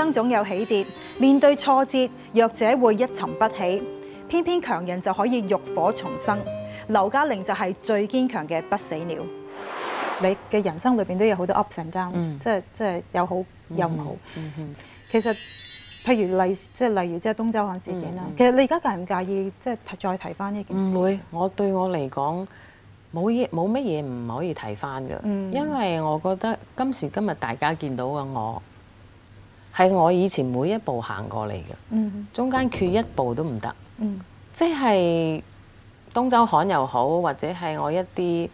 生總有起跌，面對挫折，弱者會一沉不起，偏偏強人就可以浴火重生。劉嘉玲就係最堅強嘅不死鳥。你嘅人生裏邊都有好多 ups and downs，即係即係有好有唔好。其實譬如例即係、就是、例如即係東周刊事件啦。嗯、其實你而家介唔介意即係再提翻呢件事？唔會，我對我嚟講冇嘢冇乜嘢唔可以睇翻㗎。嗯、因為我覺得今時今日大家見到嘅我。係我以前每一步行過嚟嘅，mm hmm. 中間缺一步都唔得。Mm hmm. 即係東周刊又好，或者係我一啲誒、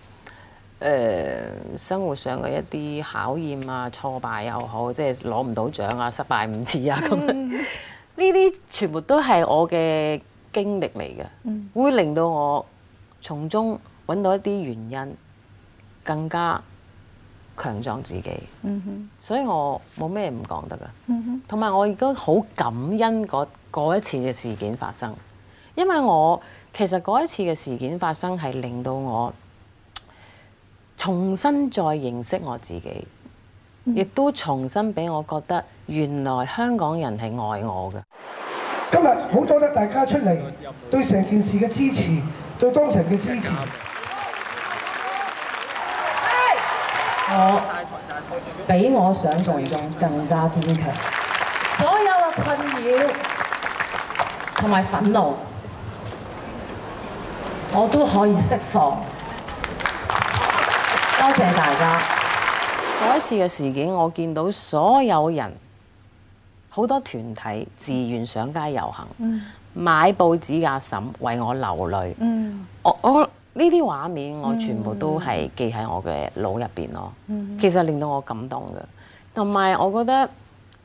呃、生活上嘅一啲考驗啊、挫敗又好，即係攞唔到獎啊、失敗唔止啊咁。呢啲、mm hmm. 全部都係我嘅經歷嚟嘅，mm hmm. 會令到我從中揾到一啲原因，更加，強壯自己，mm hmm. 所以我冇咩唔講得㗎。同埋、mm hmm. 我亦都好感恩嗰一次嘅事件發生，因為我其實嗰一次嘅事件發生係令到我重新再認識我自己，mm hmm. 亦都重新俾我覺得原來香港人係愛我嘅。今日好多得大家出嚟對成件事嘅支持，對當成嘅支持。我比我想像中更加堅強，所有嘅困擾同埋憤怒，我都可以釋放。多謝大家。嗰一次嘅事件，我見到所有人好多團體，自願上街遊行、買報紙、壓沈，為我流淚。我、mm. 我。我呢啲畫面我全部都係記喺我嘅腦入邊咯，其實令到我感動嘅，同埋我覺得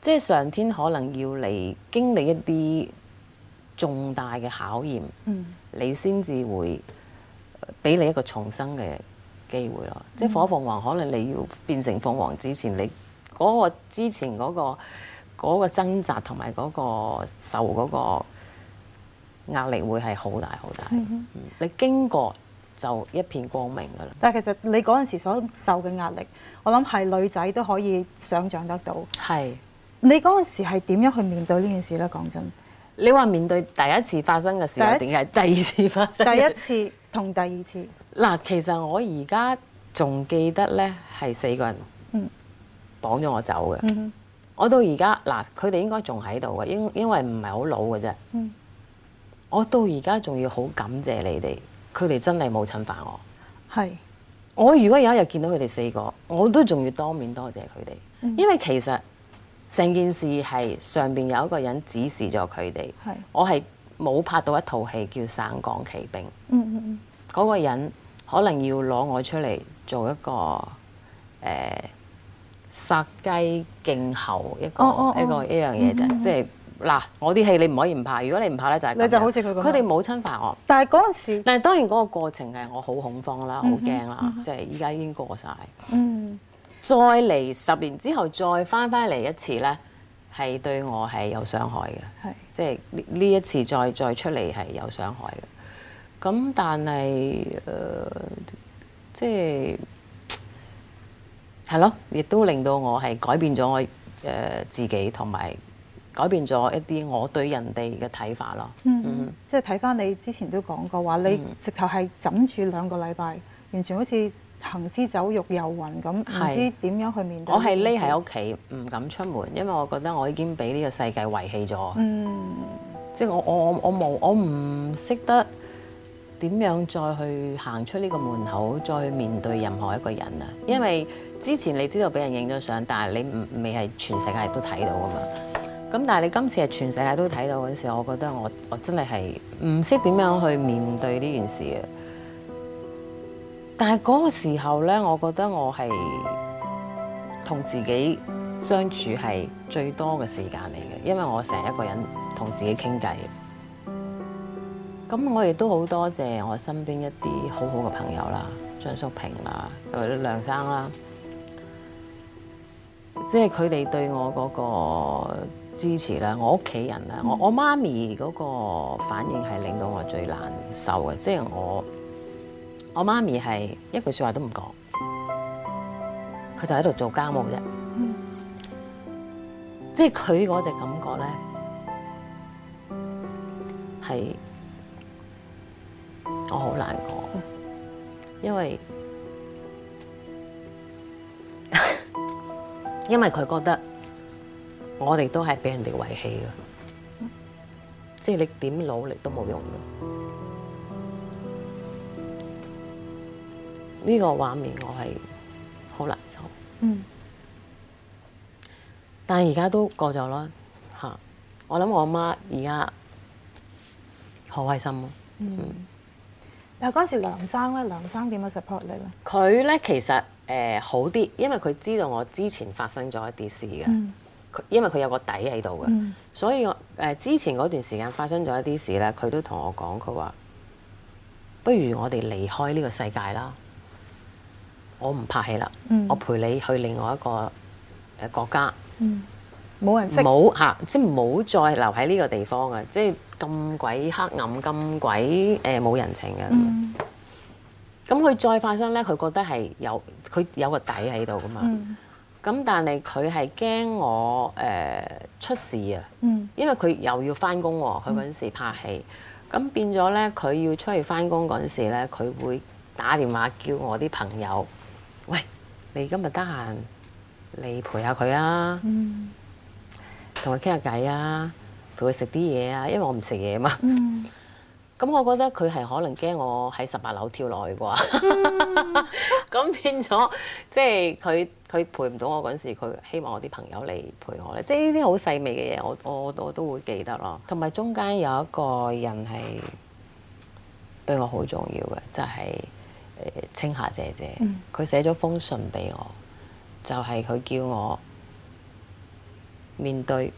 即係上天可能要你經歷一啲重大嘅考驗，嗯、你先至會俾你一個重生嘅機會咯。即係火鳳凰，可能你要變成鳳凰之前，你嗰個之前嗰個嗰個掙扎同埋嗰個受嗰個壓力會係好大好大。嗯、你經過。就一片光明噶啦！但係其實你嗰陣時所受嘅壓力，我諗係女仔都可以想象得到。係是你嗰陣時係點樣去面對呢件事咧？講真，你話面對第一次發生嘅事，點解第，第二次發生？第一次同第二次嗱，其實我而家仲記得咧，係四個人綁咗我走嘅。嗯、哼我到而家嗱，佢哋應該仲喺度嘅，因因為唔係好老嘅啫。嗯、我到而家仲要好感謝你哋。佢哋真係冇侵犯我，係是。我如果有一日見到佢哋四個，我都仲要當面多謝佢哋，嗯、因為其實成件事係上邊有一個人指示咗佢哋。係是。我係冇拍到一套戲叫《省港奇兵》。嗯嗰、嗯、個人可能要攞我出嚟做一個誒、呃、殺雞儆猴一個哦哦哦一個一樣嘢啫，即係、嗯嗯。就是嗱，我啲戲你唔可以唔拍，如果你唔拍咧就係你就好似佢講，佢哋冇侵犯我，但係嗰陣時，但係當然嗰個過程係我好恐慌啦，好驚啦，嗯、哼即係依家已經過晒。嗯，再嚟十年之後再翻翻嚟一次咧，係對我係有傷害嘅，係是即係呢呢一次再再出嚟係有傷害嘅。咁但係誒、呃，即係係咯，亦都令到我係改變咗我誒、呃、自己同埋。改變咗一啲我對人哋嘅睇法咯。嗯，嗯即係睇返你之前都講過話，嗯，你直頭係枕住兩個禮拜，完全好似行屍走肉、遊魂咁，唔知點樣去面對我。我係匿喺屋企，唔敢出門，因為我覺得我已經俾呢個世界遺棄咗。嗯，即係我我我我冇我唔識得點樣再去行出呢個門口，再去面對任何一個人啊。因為之前你知道俾人影咗相，但係你未係全世界都睇到㗎嘛。咁但係你今次係全世界都睇到嗰陣時，我覺得我我真係係唔識點樣去面對呢件事嘅。但係嗰個時候咧，我覺得我係同自己相處係最多嘅時間嚟嘅，因為我成日一個人同自己傾偈。咁我亦都好多謝我身邊一啲好好嘅朋友啦，張淑平啦，又或者梁生啦，即係佢哋對我嗰、那個。支持啦！我屋企人咧、嗯，我我媽咪嗰個反應係令到我最難受嘅，即係我我媽咪係一句説話都唔講，佢就喺度做家務啫。嗯、即係佢嗰隻感覺咧，係我好難講，因為因為佢覺得。我哋都係俾人哋遺棄嘅，嗯、即係你點努力都冇用嘅。呢、嗯、個畫面我係好難受。嗯。但係而家都過咗啦，嚇！我諗我阿媽而家好開心咯。嗯。嗯，但係嗰陣時梁生呢，梁生咧，梁生點樣 support 你咧？佢咧其實誒、呃、好啲，因為佢知道我之前發生咗一啲事嘅。嗯因為佢有個底喺度嘅，嗯、所以我誒、呃、之前嗰段時間發生咗一啲事咧，佢都同我講，佢話不如我哋離開呢個世界啦，我唔拍戲啦，嗯、我陪你去另外一個誒、呃、國家，冇、嗯、人，冇嚇沒，即唔好再留喺呢個地方啊！即係咁鬼黑暗、咁鬼誒冇人情嘅。咁佢、嗯、再發生咧，佢覺得係有佢有個底喺度噶嘛。嗯咁但係佢係驚我誒、呃、出事啊！嗯、因為佢又要翻工喎，佢嗰陣時拍戲，咁、嗯、變咗咧，佢要出去翻工嗰陣時咧，佢會打電話叫我啲朋友，喂，你今日得閒你陪下佢啊，同佢傾下偈啊，陪佢食啲嘢啊，因為我唔食嘢嘛。咁、嗯嗯、我覺得佢係可能驚我喺十八樓跳落去啩、啊。嗯 咁變咗，即係佢佢陪唔到我嗰陣時，佢希望我啲朋友嚟陪我咧。即係呢啲好細微嘅嘢，我我我都會記得咯。同埋中間有一個人係對我好重要嘅，就係誒青霞姐姐。佢、嗯、寫咗封信俾我，就係、是、佢叫我面對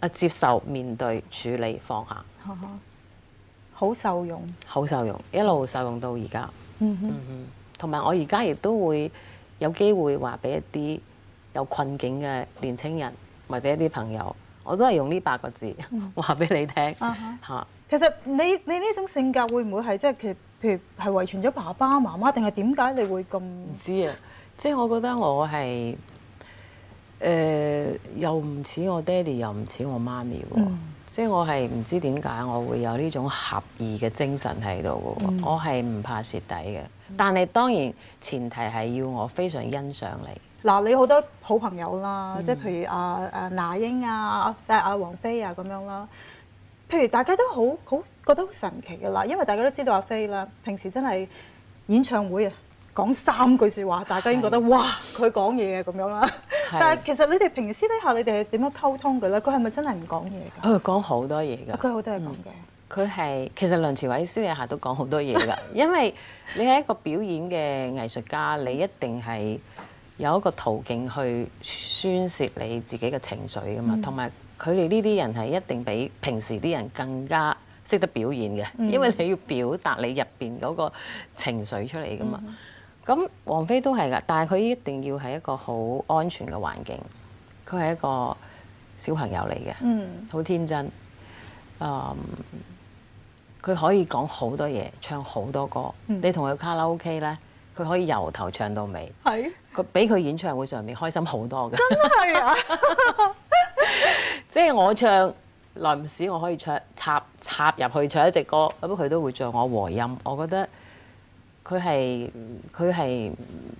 啊，接受面對處理放下，好受用，好受用，一路受用到而家。嗯哼。嗯哼。同埋我而家亦都會有機會話俾一啲有困境嘅年青人或者一啲朋友，我都係用呢八個字話俾、嗯、你聽吓。嗯、是其實你你呢種性格會唔會係即係譬如係遺傳咗爸爸媽媽，定係點解你會咁？唔知啊，即、就、係、是、我覺得我係誒又唔似我爹哋，又唔似我，我媽咪喎。即係、嗯、我係唔知點解我會有呢種俠義嘅精神喺度，嗯、我係唔怕蝕底嘅。但係當然前提係要我非常欣賞你。嗱，你好多好朋友啦，即係、嗯、譬如阿啊那英啊，即係阿王菲啊咁樣啦。譬如大家都好好覺得好神奇嘅啦，因為大家都知道阿菲啦。平時真係演唱會啊，講三句説話，大家已經覺得是哇，佢講嘢啊咁樣啦。是但係其實你哋平時私底下你哋係點樣溝通嘅咧？佢係咪真係唔講嘢㗎？佢講好多嘢㗎。佢好多嘢講嘅。嗯佢係其實梁朝偉私底下都講好多嘢㗎，因為你係一個表演嘅藝術家，你一定係有一個途徑去宣泄你自己嘅情緒㗎嘛。同埋佢哋呢啲人係一定比平時啲人更加識得表演嘅，嗯、因為你要表達你入邊嗰個情緒出嚟㗎嘛。咁、嗯、王菲都係㗎，但係佢一定要係一個好安全嘅環境。佢係一個小朋友嚟嘅，好、嗯、天真，嗯佢可以講好多嘢，唱好多歌。嗯、你同佢卡拉 OK 呢，佢可以由頭唱到尾。係是，佢俾佢演唱會上面開心好多嘅。 真係的啊！ 即係我唱，臨時我可以唱插插入去唱一隻歌，咁佢都會做我和音。我覺得。佢係佢係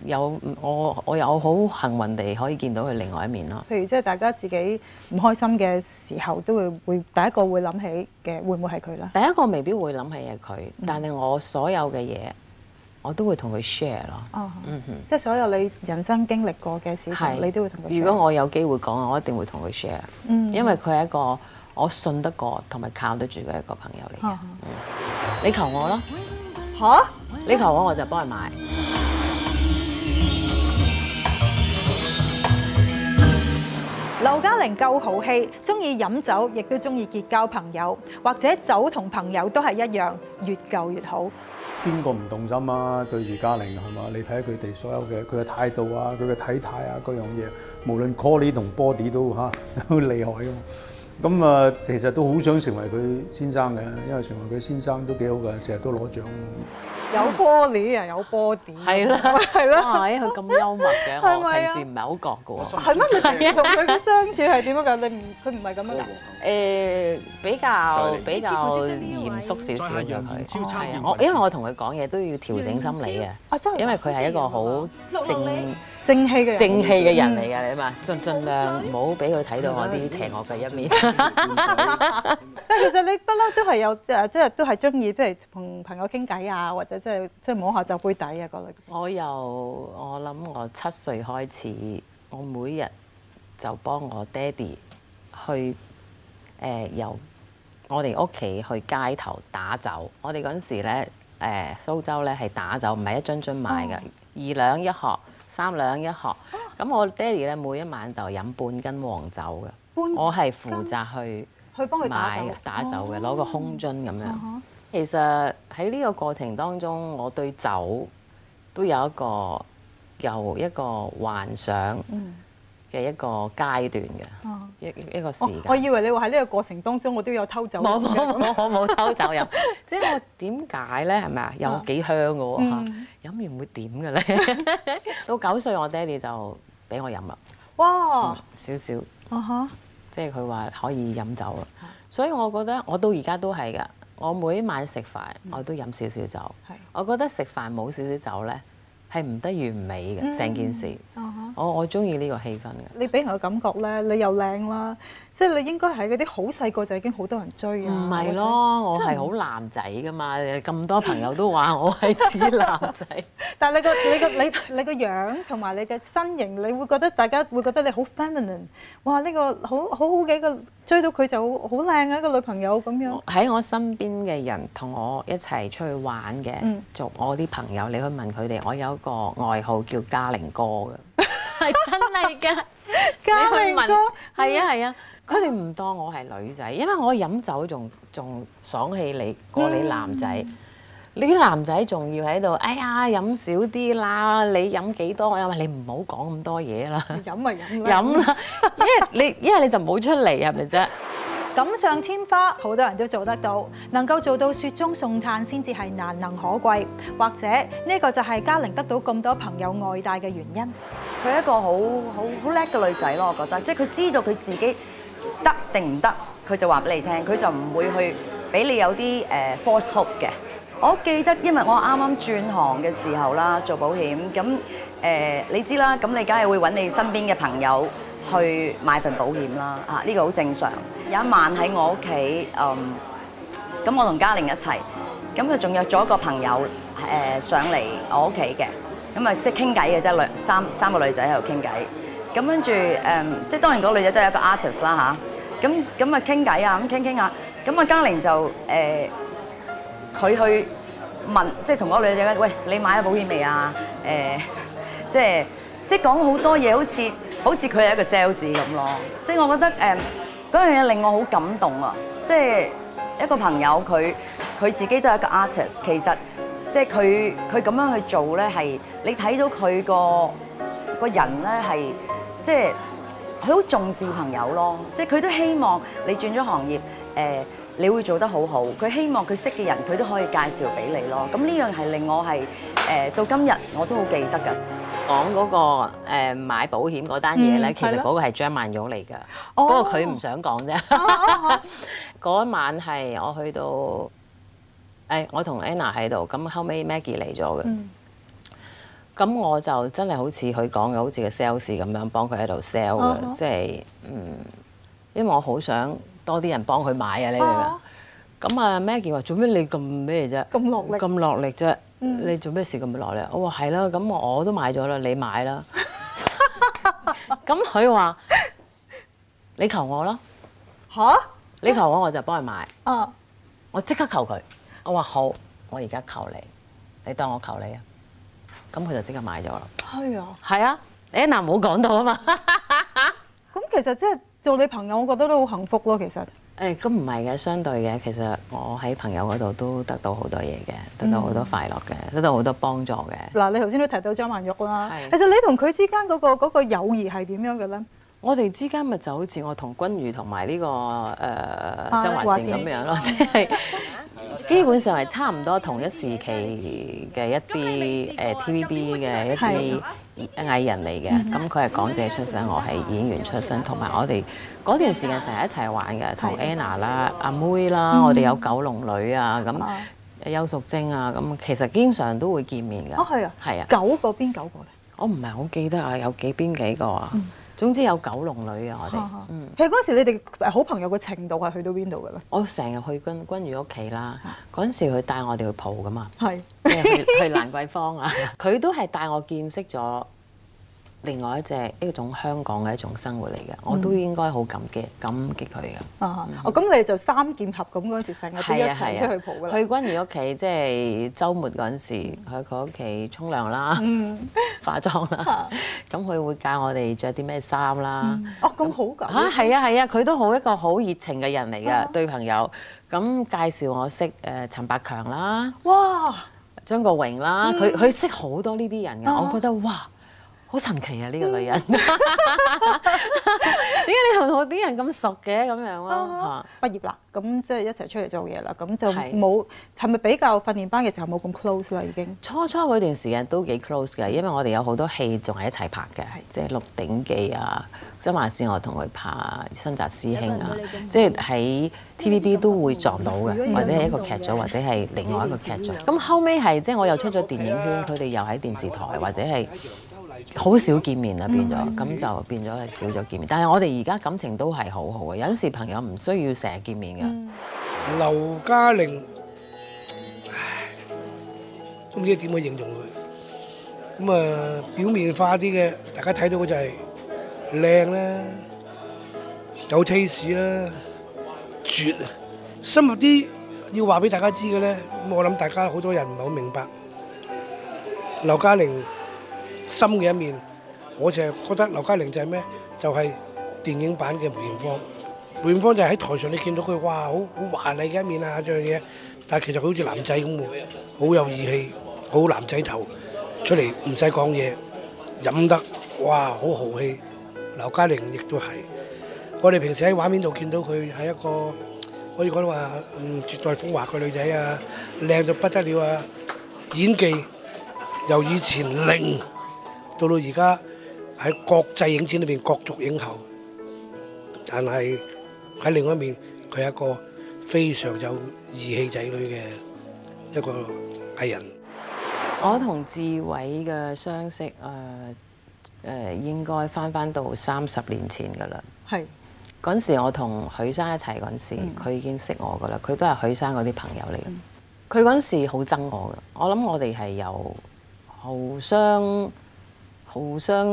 有我，我有好幸運地可以見到佢另外一面咯。譬如即係大家自己唔開心嘅時候，都會會第一個會諗起嘅會唔會係佢咧？第一個未必會諗起係佢，嗯、但係我所有嘅嘢我都會同佢 share 咯。嗯嗯、即係所有你人生經歷過嘅事情，是你都會同佢，如果我有機會講我一定會同佢 share。嗯、因為佢係一個我信得過同埋靠得住嘅一個朋友嚟嘅。嗯嗯、你求我咯嚇。啊呢頭我我就幫人買。劉嘉玲夠豪氣，中意飲酒，亦都中意結交朋友，或者酒同朋友都係一樣，越舊越好。邊個唔動心啊？對住嘉玲係嘛？你睇下佢哋所有嘅佢嘅態度啊，佢嘅體態啊，嗰樣嘢，無論 call 同 body 都嚇好厲害啊！咁啊，其實都好想成為佢先生嘅，因為成為佢先生都幾好噶，成日都攞獎。有波點啊！有波點，啊，係啦，係啦，哇！咦、哎，佢咁幽默嘅，吧我平時唔係好覺嘅喎。係咩？你同佢嘅相處係點樣㗎？你唔佢唔係咁樣㗎？誒、呃，比較比較嚴肅少少嘅佢，超差哦、我，我因為我同佢講嘢都要調整心理嘅，啊、真係因為佢係一個好靜。六六正氣嘅正氣嘅人嚟㗎，你嘛盡盡量唔好俾佢睇到我啲邪惡嘅一面。 但其實你不嬲都係有即係即係都係中意，譬如同朋友傾偈啊，或者即係即係摸下酒杯底啊嗰類我。我由我諗我七歲開始，我每日就幫我爹哋去誒、呃、由我哋屋企去街頭打酒。我哋嗰陣時咧誒、呃、蘇州咧係打酒，唔係一樽樽買嘅，二、嗯、兩一盒。三兩一殼，咁、啊、我爹哋咧每一晚就飲半斤黃酒嘅，斤我係負責去去幫佢買打酒嘅，攞、哦、個空樽咁樣。嗯、其實喺呢個過程當中，我對酒都有一個有一個幻想。嗯嘅一個階段嘅，一、啊、一個時間。我，我以為你話喺呢個過程當中，我都有偷酒？冇，我冇偷酒飲。 即係我點解咧？係咪啊？有幾香嘅喎嚇！飲、嗯、完會點嘅咧？ 到九歲，我爹哋就俾我飲啦。哇、嗯！少少。啊、哈即係佢話可以飲酒啦。所以我覺得我到而家都係㗎。我每晚食飯我都飲少，少少酒。係是。我覺得食飯冇少，少少酒咧。係唔得完美嘅成、嗯、件事，uh huh. 我我中意呢個氣氛嘅。你俾人嘅感覺咧，你又靚啦。即係你應該喺嗰啲好細個就已經好多人追啊！唔係咯，我係好的男仔噶嘛，咁多朋友都話我係似男仔。 但係你個你個你你個樣同埋你嘅身形，你會覺得大家會覺得你好 feminine。哇！呢個好好好嘅一個追到佢就好靚啊。一個女朋友咁樣。喺我身邊嘅人同我一齊出去玩嘅，做我啲朋友，你去問佢哋，我有一個外號叫嘉玲哥嘅。係真係嘅，嘉玲哥。係啊係啊。佢哋唔當我係女仔，因為我飲酒仲仲爽氣你過你男仔，你啲男仔仲要喺度，哎呀飲少啲啦！你飲幾多？我因為你唔好講咁多嘢啦，飲咪飲咯，飲啦，一係你一係你就唔好出嚟，係咪啫？錦上添花好多人都做得到，能夠做到雪中送炭先至係難能可貴，或者呢個就係嘉玲得到咁多朋友愛戴嘅原因。佢係一個好好好叻嘅女仔咯，我覺得，即係佢知道佢自己。得定唔得，佢就話俾你聽，佢就唔會去俾你有啲誒 false hope 嘅。我記得，因為我啱啱轉行嘅時候啦，做保險，咁誒、uh, 你知啦，咁你梗係會揾你身邊嘅朋友去買份保險啦，啊呢個好正常。有一晚喺我屋企，嗯、um，咁我同嘉玲一齊，咁佢仲約咗一個朋友誒、uh, 上嚟我屋企嘅，咁啊即係傾偈嘅啫，兩三三個女仔喺度傾偈。咁跟住誒，即係當然嗰個女仔都係一個 artist 啦嚇。咁咁啊傾偈啊，咁傾傾下，咁啊嘉玲就誒，佢、呃、去問，即係同嗰個女仔咧，喂，你買咗保險未啊？誒、呃，即係即係講好多嘢，好似好似佢係一個 sales 咁咯。即係我覺得誒，嗰樣嘢令我好感動啊！即係一個朋友，佢佢自己都係一個 artist，其實即係佢佢咁樣去做咧，係你睇到佢個個人咧係。即係佢好重視朋友咯，即係佢都希望你轉咗行業，誒，你會做得好好。佢希望佢識嘅人，佢都可以介紹俾你咯。咁呢樣係令我係誒到今日我都好記得㗎。講嗰個誒買保險嗰單嘢咧，其實嗰個係張曼玉嚟㗎，不過佢唔想講啫。嗰晚係我去到，誒，我同 Anna 喺度，咁後尾 Maggie 嚟咗嘅。咁我就真係好似佢講嘅，好似個 sales 咁樣幫佢喺度 sell 嘅，即係嗯，因為我好想多啲人幫佢買啊！你哋話，咁啊 Maggie 話：做咩你咁咩啫？咁落力，咁落力啫！你做咩事咁落力？我話係啦，咁我都買咗啦，你買啦。咁佢話：你求我啦嚇！你求我我就幫你買。哦，我即刻求佢。我話好，我而家求你，你當我求你啊！咁佢就即刻買咗啦。係啊，係啊，Anna 冇講到啊嘛。咁 其實即、就、係、是、做你朋友，我覺得都好幸福咯、啊。其實誒，咁唔係嘅，相對嘅，其實我喺朋友嗰度都得到好多嘢嘅，得到好多快樂嘅，嗯、得到好多幫助嘅。嗱、啊，你頭先都提到張曼玉啦，的其實你同佢之間嗰、嗰個嗰個友誼係點樣嘅咧？我哋之間咪就好似我同君如同埋呢個誒曾華倩咁樣咯，即係基本上係差唔多同一時期嘅一啲誒 TVB 嘅一啲藝人嚟嘅。咁佢係港姐出身，我係演員出身，同埋我哋嗰段時間成日一齊玩嘅，同 Anna 啦、阿妹啦，我哋有九龍女啊，咁邱淑貞啊，咁其實經常都會見面㗎。哦，係啊，係啊。九個邊九個咧？我唔係好記得啊，有幾邊幾個啊？總之有九龍女啊，我哋，嗯、其實嗰陣時你哋好朋友嘅程度係去到邊度嘅咧？我成日去君君如屋企啦，嗰陣時佢帶我哋去蒲㗎嘛的去，去蘭桂坊啊，佢 都係帶我見識咗。另外一隻呢種香港嘅一種生活嚟嘅，我都應該好感激感激佢嘅。哦，咁你就三劍合，咁嗰陣時成日一齊去蒲嘅，去君兒屋企即係週末嗰陣時，去佢屋企沖涼啦，化妝啦。咁佢會教我哋着啲咩衫啦。哦，咁好噶。嚇，係啊係啊，佢都好一個好熱情嘅人嚟嘅，對朋友。咁介紹我識誒陳百強啦，哇，張國榮啦，佢佢識好多呢啲人嘅，我覺得哇。好神奇啊！呢、這個女人點解 你同我啲人咁熟嘅咁樣囉？畢是業啦，咁即係一齊出嚟做嘢啦，咁就冇係咪比較訓練班嘅時候冇咁 close 啦？已經初初嗰段時間都幾 close 嘅，因為我哋有好多戲仲係一齊拍嘅，是即係《鹿鼎記》啊，即係我同佢拍，《新紮師兄》啊，即係喺 T V B 都會撞到嘅，或者係一個劇組，動動或者係另外一個劇組。咁後尾係即係我又出咗電影圈，佢哋 Okay. 又喺電視台，或者係。好少見面啦，變咗，咁、Mm-hmm. 就變咗係少咗見面。但係我哋而家感情都係好好嘅。有陣時朋友唔需要成日見面嘅。劉嘉玲，唉，都唔知點去形容佢。咁、嗯、啊，表面化啲嘅，大家睇到嘅就係靚啦，有 taste 啦、啊，絕啊。深入啲要話俾大家知嘅咧，咁我諗大家好多人唔係好明白。劉嘉玲。深嘅一面，我成日覺得劉嘉玲就係咩？就係、是、電影版嘅梅豔芳。梅豔芳就係喺台上你見到佢，哇，好好華麗嘅一面啊，呢樣嘢。但係其實佢好似男仔咁喎，好有義氣，好男仔頭，出嚟唔使講嘢，飲得，哇，好豪氣。劉嘉玲亦都係。我哋平時喺畫面度見到佢係一個可以講話嗯絕代風華嘅女仔啊，靚到不得了啊，演技由以前零。做到而家喺國際影展裏邊角逐影后，但係喺另一面，佢係一個非常有義氣仔女嘅一個藝人。我同志偉嘅相識，誒、呃、誒、呃，應該翻翻到三十年前噶啦。係嗰陣時，我同許生一齊嗰陣時，佢已經識我噶啦，佢都係許生嗰啲朋友嚟嘅。佢嗰陣時好憎我㗎，我諗我哋係有互相。互相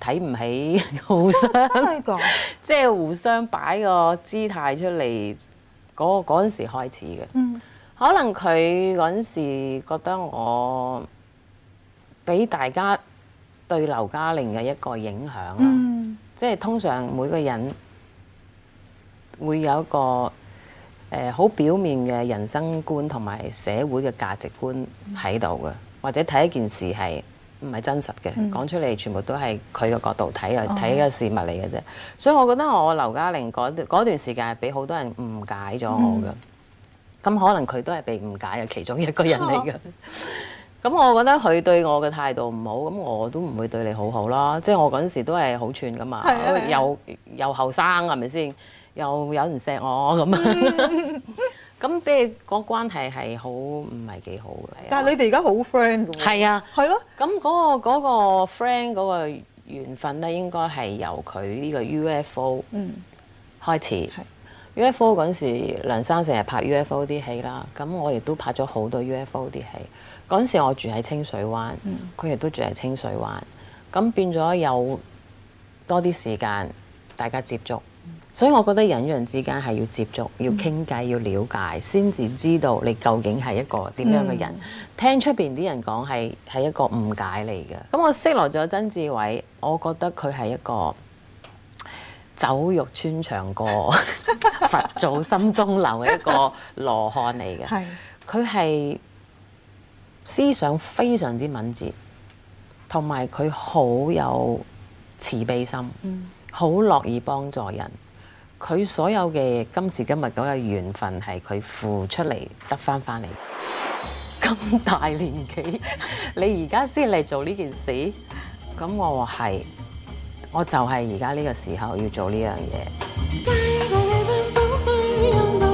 睇唔起，互相 即係互相擺個姿態出嚟。嗰嗰陣時開始嘅，嗯、可能佢嗰陣時覺得我俾大家對劉嘉玲嘅一個影響啦、啊。嗯、即係通常每個人會有一個誒好、呃、表面嘅人生觀同埋社會嘅價值觀喺度嘅，嗯、或者睇一件事係。唔係真實嘅，講、嗯、出嚟全部都係佢個角度睇啊，睇嘅事物嚟嘅啫。哦、所以我覺得我劉嘉玲嗰段，段時間係俾好多人誤解咗我㗎。咁、嗯、可能佢都係被誤解嘅其中一個人嚟嘅。咁、哦、 我覺得佢對我嘅態度唔好，咁我都唔會對你好好啦。即、就、係、是、我嗰陣時都係好串㗎嘛，的又又後生係咪先？又有人錫我咁樣！ 咁即係個關係係好唔係幾好嘅。但係你哋而家好 friend 㗎係啊，係咯、啊。咁嗰、嗰個 friend 嗰、嗰個、個緣分咧，應該係由佢呢個 UFO 開始。嗯、UFO 嗰陣時，梁生成日拍 UFO 啲戲啦。咁我亦都拍咗好多 UFO 啲戲。嗰陣時我住喺清水灣，佢亦都住喺清水灣。咁變咗有多啲時間，大家接觸。所以我覺得人與人之間係要接觸，要傾偈，要了解，先至知道你究竟係一個點樣嘅人。嗯、聽出邊啲人講係係一個誤解嚟嘅。咁我識落咗曾志偉，我覺得佢係一個酒肉穿腸過，佛祖心中留嘅一個羅漢嚟嘅。佢係、嗯、思想非常之敏捷，同埋佢好有慈悲心。嗯好樂意幫助人，佢所有嘅今時今日嗰個緣分係佢付出嚟得翻返嚟。咁大年紀，你而家先嚟做呢件事，咁我話係，我就係而家呢個時候要做呢樣嘢。